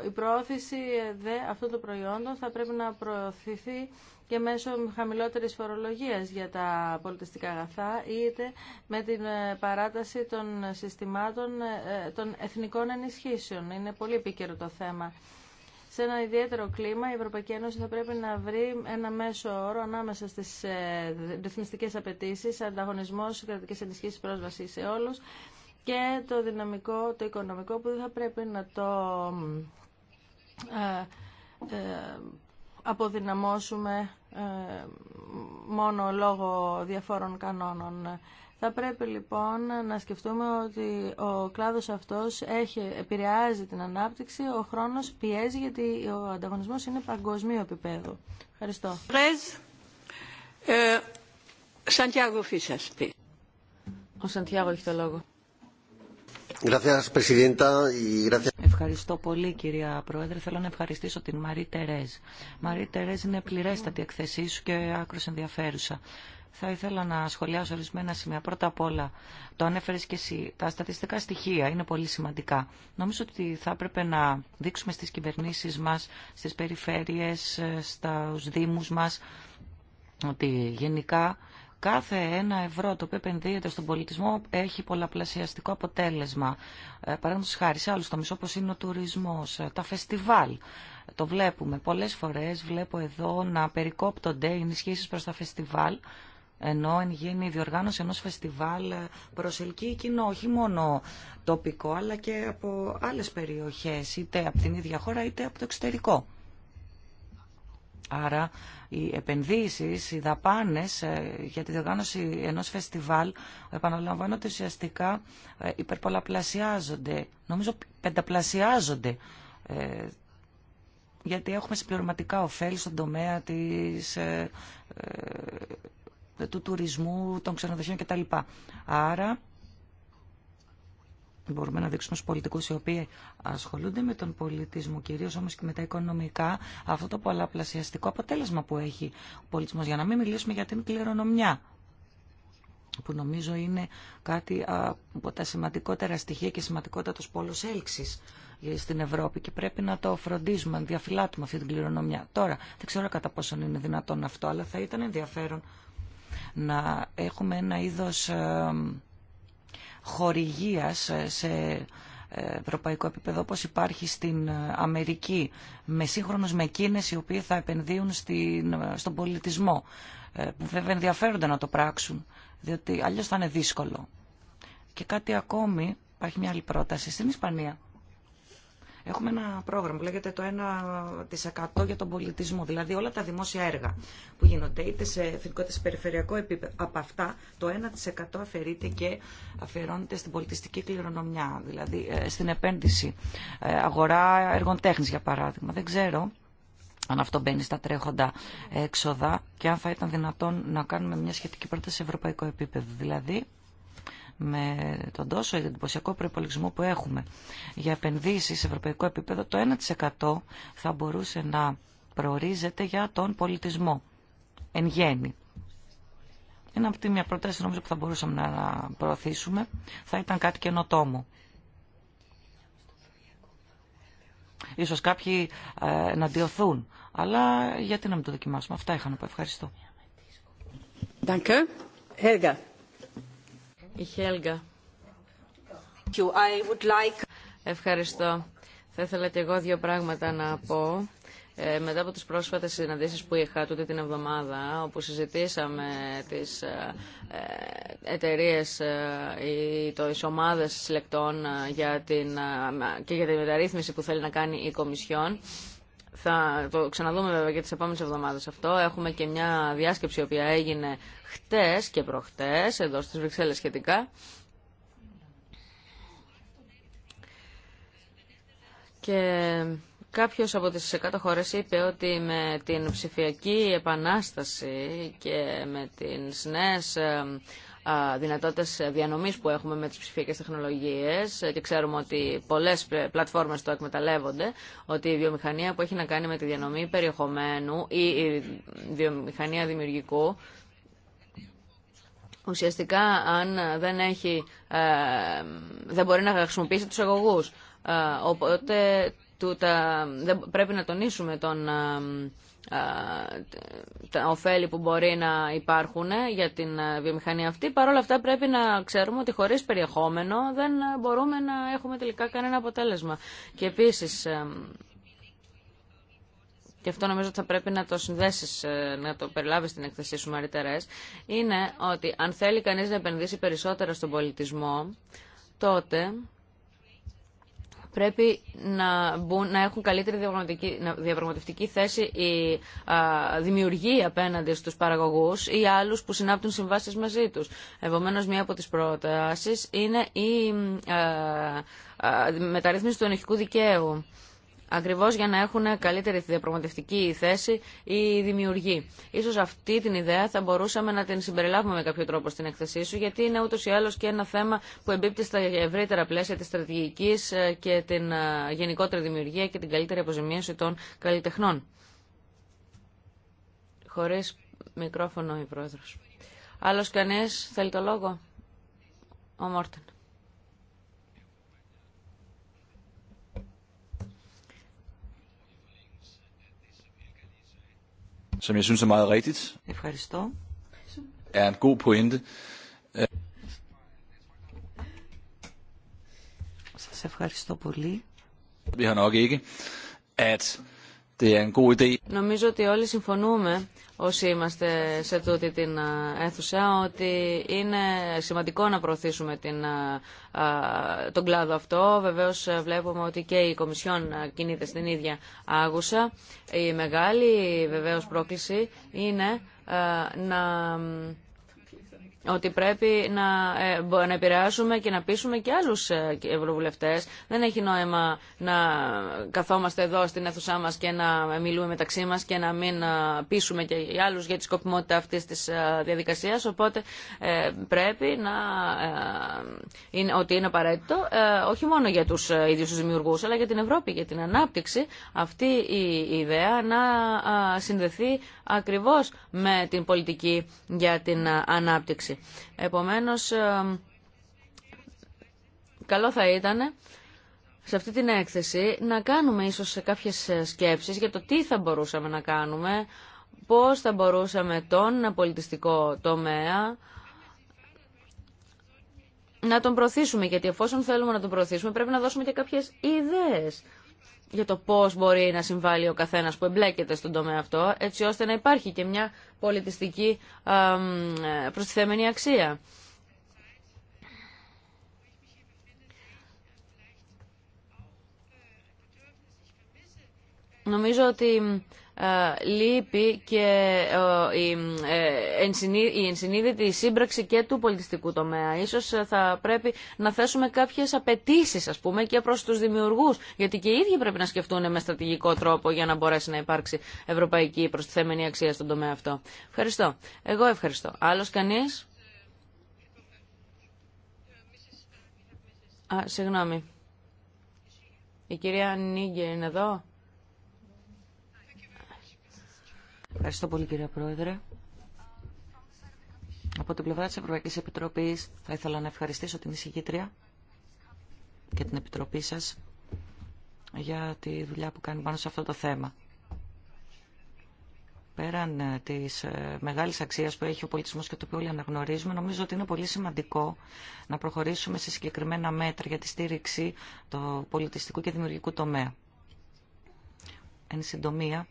Speaker 3: η προώθηση δε αυτού του προϊόντων θα πρέπει να προωθηθεί και μέσω χαμηλότερης φορολογίας για τα πολιτιστικά αγαθά είτε με την ε, παράταση των συστημάτων ε, των εθνικών ενισχύσεων. Είναι πολύ επίκαιρο το θέμα. Σε ένα ιδιαίτερο κλίμα, η Ευρωπαϊκή Ένωση θα πρέπει να βρει ένα μέσο όρο ανάμεσα στι ρυθμιστικέ απαιτήσει, ανταγωνισμό, κρατικέ ενισχύσει, πρόσβαση σε όλου και το δυναμικό, το οικονομικό που δεν θα πρέπει να το ε, ε, αποδυναμώσουμε ε, μόνο λόγω διαφόρων κανόνων. Θα πρέπει λοιπόν να σκεφτούμε ότι ο κλάδος αυτός έχει, επηρεάζει την ανάπτυξη, ο χρόνος πιέζει γιατί ο ανταγωνισμός είναι παγκοσμίου επίπεδου. Ευχαριστώ.
Speaker 2: Ο Σαντιάγο έχει το λόγο. Ευχαριστώ πολύ κυρία Πρόεδρε. Θέλω να ευχαριστήσω την Μαρή Τερέζ. Μαρή Τερέζ είναι πληρέστατη εκθεσή σου και άκρο ενδιαφέρουσα. Θα ήθελα να σχολιάσω ορισμένα σημεία. Πρώτα απ' όλα, το ανέφερε και εσύ, τα στατιστικά στοιχεία είναι πολύ σημαντικά. Νομίζω ότι θα έπρεπε να δείξουμε στις κυβερνήσει μας, στις περιφέρειες, ε, στους Δήμου μα, ότι γενικά Κάθε ένα ευρώ το οποίο επενδύεται στον πολιτισμό έχει πολλαπλασιαστικό αποτέλεσμα. Ε, Παραδείγματο χάρη σε άλλου τομεί όπω είναι ο τουρισμό, ε, τα φεστιβάλ. Ε, το βλέπουμε. Πολλέ φορέ βλέπω εδώ να περικόπτονται οι ενισχύσει προ τα φεστιβάλ ενώ εν γίνει η διοργάνωση ενός φεστιβάλ προσελκύει κοινό, όχι μόνο τοπικό, αλλά και από άλλες περιοχές, είτε από την ίδια χώρα, είτε από το εξωτερικό. Άρα οι επενδύσεις, οι δαπάνες ε, για τη διοργάνωση ενός φεστιβάλ, επαναλαμβάνω ότι ουσιαστικά ε, υπερπολαπλασιάζονται, νομίζω πενταπλασιάζονται, ε, γιατί έχουμε συμπληρωματικά ωφέλη στον τομέα της, του τουρισμού, των ξενοδοχείων κτλ. Άρα μπορούμε να δείξουμε στους πολιτικούς οι οποίοι ασχολούνται με τον πολιτισμό, κυρίως όμως και με τα οικονομικά, αυτό το πολλαπλασιαστικό αποτέλεσμα που έχει ο πολιτισμός, για να μην μιλήσουμε για την κληρονομιά που νομίζω είναι κάτι από τα σημαντικότερα στοιχεία και σημαντικότητα τους πόλους έλξης στην Ευρώπη και πρέπει να το φροντίζουμε, να διαφυλάτουμε αυτή την κληρονομιά. Τώρα, δεν ξέρω κατά πόσον είναι δυνατόν αυτό, αλλά θα ήταν ενδιαφέρον να έχουμε ένα είδος ε, χορηγίας ε, σε ε, ευρωπαϊκό επίπεδο όπως υπάρχει στην ε, Αμερική με σύγχρονους με οι οποίοι θα επενδύουν στην, στον πολιτισμό που βέβαια ενδιαφέρονται να το πράξουν διότι αλλιώς θα είναι δύσκολο. Και κάτι ακόμη, υπάρχει μια άλλη πρόταση στην Ισπανία Έχουμε ένα πρόγραμμα που λέγεται το 1% για τον πολιτισμό, δηλαδή όλα τα δημόσια έργα που γίνονται είτε σε εθνικό είτε σε περιφερειακό επίπεδο. Από αυτά το 1% αφαιρείται και αφιερώνεται στην πολιτιστική κληρονομιά, δηλαδή ε, στην επένδυση ε, αγορά έργων τέχνης για παράδειγμα. Δεν ξέρω αν αυτό μπαίνει στα τρέχοντα έξοδα και αν θα ήταν δυνατόν να κάνουμε μια σχετική πρόταση σε ευρωπαϊκό επίπεδο. Δηλαδή, με τον τόσο εντυπωσιακό προπολογισμό που έχουμε για επενδύσεις σε ευρωπαϊκό επίπεδο, το 1% θα μπορούσε να προορίζεται για τον πολιτισμό εν γέννη. Είναι αυτή μια πρόταση νομίζω που θα μπορούσαμε να προωθήσουμε. Θα ήταν κάτι καινοτόμο. Ίσως κάποιοι ε, να διωθούν. Αλλά γιατί να μην το δοκιμάσουμε. Αυτά είχα να πω. Ευχαριστώ. Danke.
Speaker 1: Ευχαριστώ. Θα ήθελα και εγώ δύο πράγματα να πω. Ε, μετά από τις πρόσφατες συναντήσεις που είχα τούτη την εβδομάδα, όπου συζητήσαμε τις ε, ε εταιρείες ε, ή το, τις ομάδες συλλεκτών για την, και για τη μεταρρύθμιση που θέλει να κάνει η Κομισιόν, θα το ξαναδούμε βέβαια και τις επόμενες εβδομάδες αυτό. Έχουμε και μια διάσκεψη η οποία έγινε χτες και προχτές εδώ στις Βρυξέλλες σχετικά. Και κάποιος από τις 100 χώρες είπε ότι με την ψηφιακή επανάσταση και με τις νέες ε, Δυνατότητε διανομή που έχουμε με τις ψηφιακές τεχνολογίες ε, και ξέρουμε ότι πολλές πλατφόρμες το εκμεταλλεύονται, ότι η βιομηχανία που έχει να κάνει με τη διανομή περιεχομένου ή η βιομηχανία δημιουργικού ουσιαστικά αν δεν, έχει, ε, δεν μπορεί να χρησιμοποιήσει τους εγωγούς. Ε, οπότε δεν, πρέπει να τονίσουμε τον, α, τα ωφέλη που μπορεί να υπάρχουν ε, για την βιομηχανία αυτή. Παρ' όλα αυτά πρέπει να ξέρουμε ότι χωρίς περιεχόμενο δεν μπορούμε να έχουμε τελικά κανένα αποτέλεσμα. Και επίσης, ε, και αυτό νομίζω ότι θα πρέπει να το συνδέσει, ε, να το περιλάβει στην εκθεσή σου, Μαριτερέ, είναι ότι αν θέλει κανεί να επενδύσει περισσότερα στον πολιτισμό, τότε πρέπει να, έχουν καλύτερη διαπραγματευτική θέση η δημιουργία απέναντι στους παραγωγούς ή άλλους που συνάπτουν συμβάσεις μαζί τους. Επομένως, μία από τις προτάσεις είναι η μεταρρύθμιση του ενοχικού δικαίου. Ακριβώ για να έχουν καλύτερη διαπραγματευτική θέση οι δημιουργοί. Ίσως αυτή την ιδέα θα μπορούσαμε να την συμπεριλάβουμε με κάποιο τρόπο στην έκθεσή σου, γιατί είναι ούτως ή άλλως και ένα θέμα που εμπίπτει στα ευρύτερα πλαίσια της στρατηγική ε, και την ε, γενικότερη δημιουργία και την καλύτερη αποζημίωση των καλλιτεχνών. Χωρί μικρόφωνο η πρόεδρο. Άλλο κανείς θέλει το λόγο. Ο Μόρτεν.
Speaker 2: som jeg synes er meget rigtigt. Ευχαριστώ. Er en god pointe. Σας ευχαριστώ πολύ. Vi har nok ikke, at
Speaker 1: Νομίζω ότι όλοι συμφωνούμε όσοι είμαστε σε τούτη την αίθουσα ότι είναι σημαντικό να προωθήσουμε την, τον κλάδο αυτό. Βεβαίως ε, βλέπουμε ότι και η Κομισιόν ε, κινείται στην ίδια άγουσα. Η μεγάλη βεβαίως πρόκληση είναι ε, να ότι πρέπει να, ε, να επηρεάσουμε και να πείσουμε και άλλους ε, ευρωβουλευτές. Δεν έχει νόημα να καθόμαστε εδώ στην αίθουσά μας και να μιλούμε μεταξύ μας και να μην ε, πείσουμε και άλλους για τη σκοπιμότητα αυτής της ε, διαδικασίας. Οπότε πρέπει να είναι, ότι είναι απαραίτητο όχι μόνο για τους ίδιους τους δημιουργούς αλλά για την Ευρώπη, για την ανάπτυξη αυτή η ιδέα να συνδεθεί ακριβώς με την πολιτική για την ε, ανάπτυξη. Επομένως, ε, καλό θα ήταν σε αυτή την έκθεση να κάνουμε ίσως κάποιες ε, σκέψεις για το τι θα μπορούσαμε να κάνουμε, πώς θα μπορούσαμε τον πολιτιστικό τομέα να τον προωθήσουμε, γιατί εφόσον θέλουμε να τον προωθήσουμε πρέπει να δώσουμε και κάποιες ιδέες για το πώς μπορεί να συμβάλλει ο καθένας που εμπλέκεται στον τομέα αυτό, έτσι ώστε να υπάρχει και μια πολιτιστική προστιθέμενη αξία. Νομίζω ότι ε, λείπει και ε, ε, η ενσυνείδητη σύμπραξη και του πολιτιστικού τομέα. Ίσως θα πρέπει να θέσουμε κάποιες απαιτήσεις, ας πούμε, και προς τους δημιουργούς, γιατί και οι ίδιοι πρέπει να σκεφτούν με στρατηγικό τρόπο για να μπορέσει να υπάρξει ευρωπαϊκή προστιθέμενη αξία στον τομέα αυτό. Ευχαριστώ. Εγώ ευχαριστώ. Άλλος κανείς? Α, συγγνώμη. Η κυρία Νίγκε είναι εδώ.
Speaker 2: Ευχαριστώ πολύ κύριε Πρόεδρε. Από την πλευρά της Ευρωπαϊκής Επιτροπής θα ήθελα να ευχαριστήσω την εισηγήτρια και την Επιτροπή σας για τη δουλειά που κάνει πάνω σε αυτό το θέμα. Πέραν ε, της ε, μεγάλης αξίας που έχει ο πολιτισμός και το οποίο όλοι αναγνωρίζουμε, νομίζω ότι είναι πολύ σημαντικό να προχωρήσουμε σε συγκεκριμένα μέτρα για τη στήριξη του πολιτιστικού και δημιουργικού τομέα. Εν συντομία,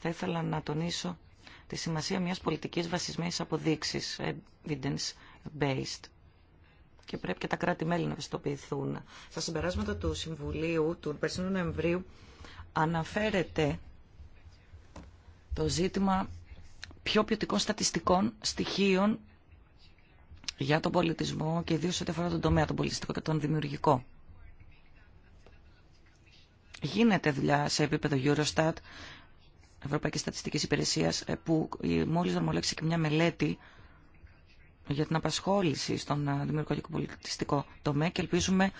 Speaker 2: θα ήθελα να τονίσω τη σημασία μιας πολιτικής βασισμένης αποδείξης, evidence-based. Και πρέπει και τα κράτη-μέλη να ευαισθητοποιηθούν. Στα συμπεράσματα του Συμβουλίου του περσινού Νοεμβρίου αναφέρεται το ζήτημα πιο ποιοτικών στατιστικών στοιχείων για τον πολιτισμό και ιδίως ό,τι αφορά τον τομέα, τον πολιτιστικό και τον δημιουργικό. Γίνεται δουλειά σε επίπεδο Eurostat Ευρωπαϊκή Στατιστική Υπηρεσία, ε, που μόλι δρομολέξει και μια μελέτη για την απασχόληση στον ε, δημιουργικό πολιτιστικό τομέα και ελπίζουμε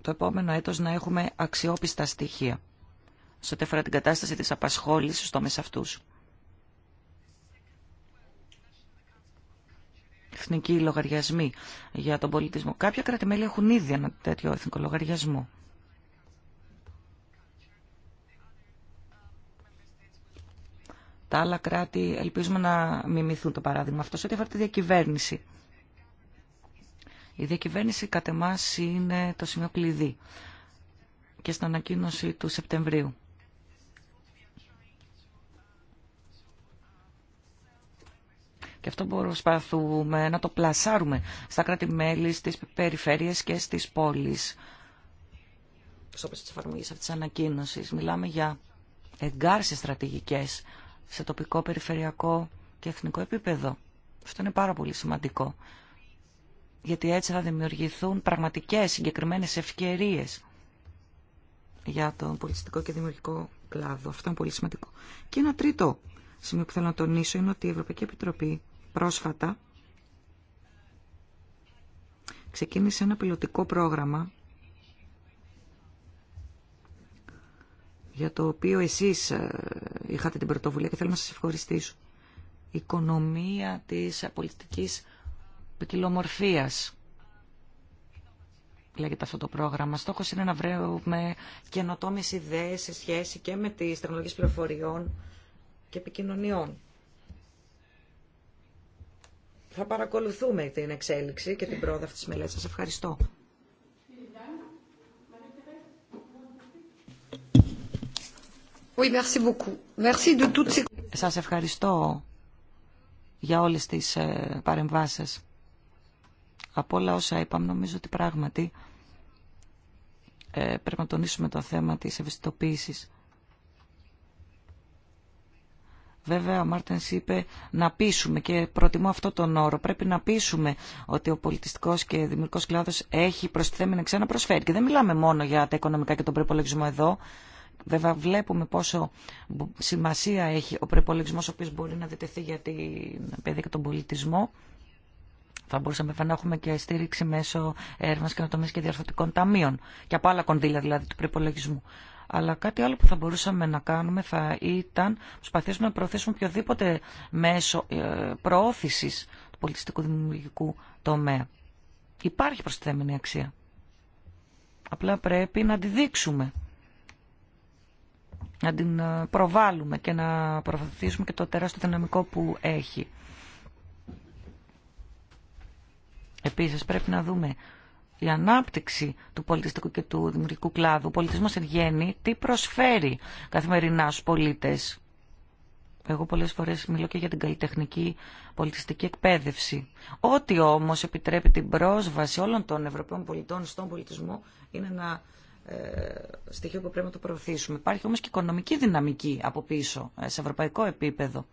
Speaker 2: το επόμενο έτος να έχουμε αξιόπιστα στοιχεία σε ό,τι αφορά την κατάσταση της απασχόλησης στο μέσα αυτούς. Εθνικοί λογαριασμοί για τον πολιτισμό. Κάποια κράτη-μέλη έχουν ήδη ένα τέτοιο εθνικό λογαριασμό. Τα άλλα κράτη ελπίζουμε να μιμηθούν το παράδειγμα αυτό σε ό,τι αφορά τη διακυβέρνηση. Η διακυβέρνηση κατ' εμάς είναι το σημείο κλειδί και στην ανακοίνωση του Σεπτεμβρίου. Και αυτό μπορούμε να το πλασάρουμε στα κράτη-μέλη, στις περιφέρειες και στις πόλεις. Στο πλαίσιο της εφαρμογής αυτής της ανακοίνωσης μιλάμε για εγκάρσεις στρατηγικές σε τοπικό, περιφερειακό και εθνικό επίπεδο. Αυτό είναι πάρα πολύ σημαντικό. Γιατί έτσι θα δημιουργηθούν πραγματικές συγκεκριμένες ευκαιρίες για τον πολιτιστικό και δημιουργικό κλάδο. Αυτό είναι πολύ σημαντικό. Και ένα τρίτο σημείο που θέλω να τονίσω είναι ότι η Ευρωπαϊκή Επιτροπή πρόσφατα ξεκίνησε ένα πιλωτικό πρόγραμμα για το οποίο εσείς ε, είχατε την πρωτοβουλία και θέλω να σας ευχαριστήσω. οικονομία της πολιτικής ποικιλομορφίας λέγεται αυτό το πρόγραμμα. Στόχο, είναι να βρούμε καινοτόμε ιδέες σε σχέση και με τις τεχνολογίε πληροφοριών και επικοινωνιών. Θα παρακολουθούμε την εξέλιξη και την πρόοδο αυτής της μελέτης. Σα ευχαριστώ. Σας ευχαριστώ για όλες τις ε, παρεμβάσεις. Από όλα όσα είπαμε, νομίζω ότι πράγματι ε, πρέπει να τονίσουμε το θέμα της ευαισθητοποίησης. Βέβαια, ο Μάρτεν είπε να πείσουμε και προτιμώ αυτό τον όρο. Πρέπει να πείσουμε ότι ο πολιτιστικό και δημιουργικό κλάδο έχει προστιθέμενη ξένα προσφέρει. Και δεν μιλάμε μόνο για τα οικονομικά και τον προπολογισμό εδώ. Βέβαια βλέπουμε πόσο σημασία έχει ο προπολογισμό ο οποίος μπορεί να διτεθεί για την παιδεία και τον πολιτισμό. Θα μπορούσαμε να έχουμε και στήριξη μέσω έρευνα καινοτομία και διαρθρωτικών ταμείων και από άλλα κονδύλια δηλαδή του προπολογισμού. Αλλά κάτι άλλο που θα μπορούσαμε να κάνουμε θα ήταν να προσπαθήσουμε να προωθήσουμε οποιοδήποτε μέσο ε, προώθηση του πολιτιστικού δημιουργικού τομέα. Υπάρχει προστιθέμενη αξία. Απλά πρέπει να τη δείξουμε να την ε, προβάλλουμε και να προωθήσουμε και το τεράστιο δυναμικό που έχει. Επίσης πρέπει να δούμε η ανάπτυξη του πολιτιστικού και του δημιουργικού κλάδου, ο πολιτισμός εν γέννη, τι προσφέρει καθημερινά στους πολίτες. Εγώ πολλές φορές μιλώ και για την καλλιτεχνική πολιτιστική εκπαίδευση. Ό,τι όμως επιτρέπει την πρόσβαση όλων των Ευρωπαίων πολιτών στον πολιτισμό είναι να... Ε, στοιχείο που πρέπει να το προωθήσουμε. Υπάρχει όμως και οικονομική δυναμική από πίσω, ε, σε ευρωπαϊκό επίπεδο.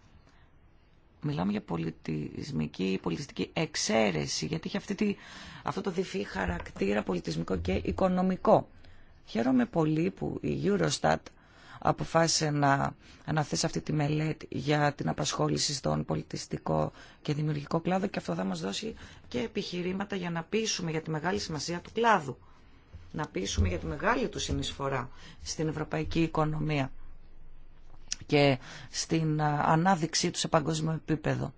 Speaker 2: Μιλάμε για πολιτισμική, ή πολιτιστική εξαίρεση, γιατί έχει αυτή αυτό το διφύ χαρακτήρα πολιτισμικό και οικονομικό. Χαίρομαι πολύ που η Eurostat αποφάσισε να αναθέσει αυτή τη μελέτη για την απασχόληση στον πολιτιστικό και δημιουργικό κλάδο και αυτό θα μας δώσει και επιχειρήματα για να πείσουμε για τη μεγάλη σημασία του κλάδου να πείσουμε για τη μεγάλη του συνεισφορά στην ευρωπαϊκή οικονομία και στην ανάδειξή του σε παγκόσμιο επίπεδο.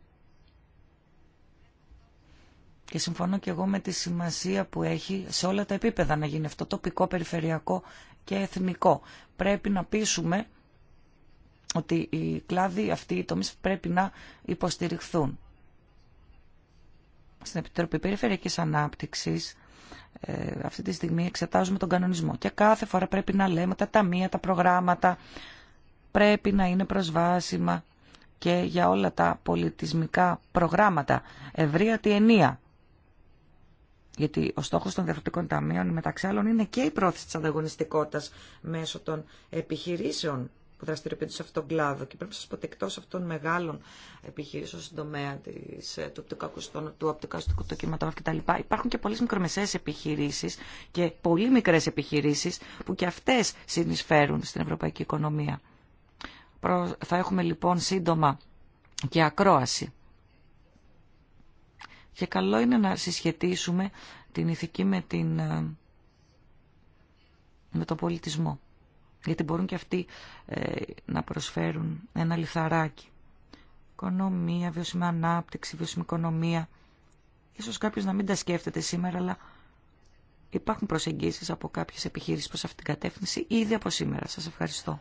Speaker 2: Και συμφωνώ και εγώ με τη σημασία που έχει σε όλα τα επίπεδα να γίνει αυτό τοπικό, περιφερειακό και εθνικό. Πρέπει να πείσουμε ότι οι κλάδοι αυτοί, οι τομείς πρέπει να υποστηριχθούν. Στην Επιτροπή Περιφερειακής Ανάπτυξης ε, αυτή τη στιγμή εξετάζουμε τον κανονισμό και κάθε φορά πρέπει να λέμε τα ταμεία, τα προγράμματα πρέπει να είναι προσβάσιμα και για όλα τα πολιτισμικά προγράμματα τη ενία. Γιατί ο στόχο των διαφορετικών ταμείων, μεταξύ άλλων, είναι και η πρόθεση τη ανταγωνιστικότητα μέσω των επιχειρήσεων που δραστηριοποιούνται σε αυτόν τον κλάδο. Και πρέπει να σα πω ότι εκτό αυτών μεγάλων επιχειρήσεων στον τομέα της, ε, του ακουστών, του οπτικοακουστικού, του κινηματογράφου κτλ., υπάρχουν και πολλέ μικρομεσαίε επιχειρήσει και πολύ μικρέ επιχειρήσει που και αυτέ συνεισφέρουν στην ευρωπαϊκή οικονομία. Θα έχουμε λοιπόν σύντομα και ακρόαση. Και καλό είναι να συσχετίσουμε την ηθική με ε, τον πολιτισμό γιατί μπορούν και αυτοί ε, να προσφέρουν ένα λιθαράκι. Οικονομία, βιώσιμη ανάπτυξη, βιώσιμη οικονομία. Ίσως κάποιος να μην τα σκέφτεται σήμερα, αλλά υπάρχουν προσεγγίσεις από κάποιες επιχείρησεις προς αυτήν την κατεύθυνση ήδη από σήμερα. Σας ευχαριστώ.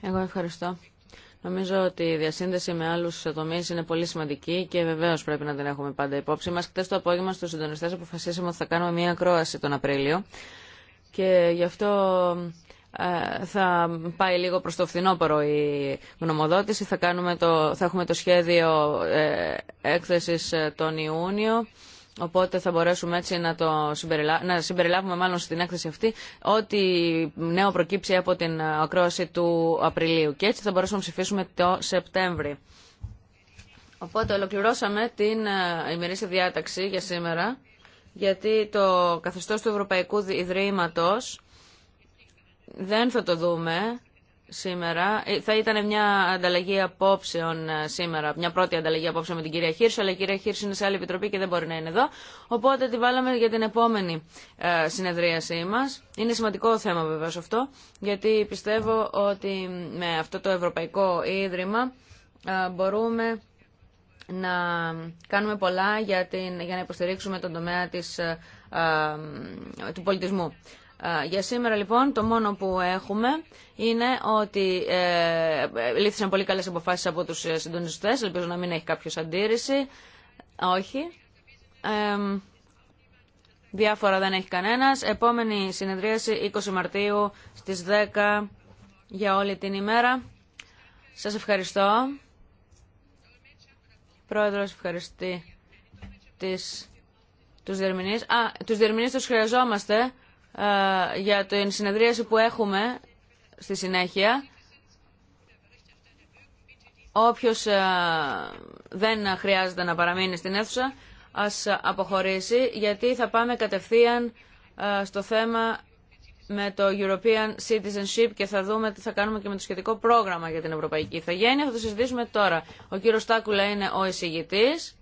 Speaker 1: Εγώ ευχαριστώ. Νομίζω ότι η διασύνδεση με άλλου τομεί είναι πολύ σημαντική και βεβαίω πρέπει να την έχουμε πάντα υπόψη μα. Χθε το απόγευμα στου συντονιστέ αποφασίσαμε ότι θα κάνουμε μία ακρόαση τον Απρίλιο και γι' αυτό ε, θα πάει λίγο προς το φθινόπωρο η γνωμοδότηση. Θα, κάνουμε το, θα έχουμε το σχέδιο ε, έκθεσης ε, τον Ιούνιο. Οπότε θα μπορέσουμε έτσι να, το να συμπεριλάβουμε μάλλον στην έκθεση αυτή ό,τι νέο προκύψει από την ακρόαση του Απριλίου. Και έτσι θα μπορέσουμε να ψηφίσουμε το Σεπτέμβρη. Οπότε ολοκληρώσαμε την ημερήσια διάταξη για σήμερα γιατί το καθεστώς του Ευρωπαϊκού Ιδρύματος δεν θα το δούμε σήμερα. Ε, θα ήταν μια ανταλλαγή απόψεων ε, σήμερα, μια πρώτη ανταλλαγή απόψεων με την κυρία Χίρση, αλλά η κυρία Χίρση είναι σε άλλη επιτροπή και δεν μπορεί να είναι εδώ. Οπότε τη βάλαμε για την επόμενη ε, συνεδρίασή μας. Είναι σημαντικό θέμα βεβαίως αυτό, γιατί πιστεύω ότι με αυτό το Ευρωπαϊκό Ίδρυμα μπορούμε να κάνουμε πολλά για, την, για να υποστηρίξουμε τον τομέα της, ε, ε, του πολιτισμού. Ε, για σήμερα λοιπόν το μόνο που έχουμε είναι ότι ε, λήφθησαν πολύ καλές αποφάσεις από τους συντονιστές, ελπίζω να μην έχει κάποιος αντίρρηση. Όχι. διάφορα δεν έχει κανένας. Επόμενη συνεδρίαση 20 Μαρτίου στις 10 για όλη την ημέρα. Σας ευχαριστώ. Πρόεδρος ευχαριστεί τις, τους διερμηνείς. Α, τους διερμηνείς τους χρειαζόμαστε ε, για την συνεδρίαση που έχουμε στη συνέχεια. Όποιος ε, δεν χρειάζεται να παραμείνει στην αίθουσα, ας αποχωρήσει, γιατί θα πάμε κατευθείαν ε, στο θέμα με το European Citizenship και θα δούμε τι θα κάνουμε και με το σχετικό πρόγραμμα για την Ευρωπαϊκή Ιθαγένεια. Θα το συζητήσουμε τώρα. Ο κύριος Στάκουλα είναι ο εισηγητής.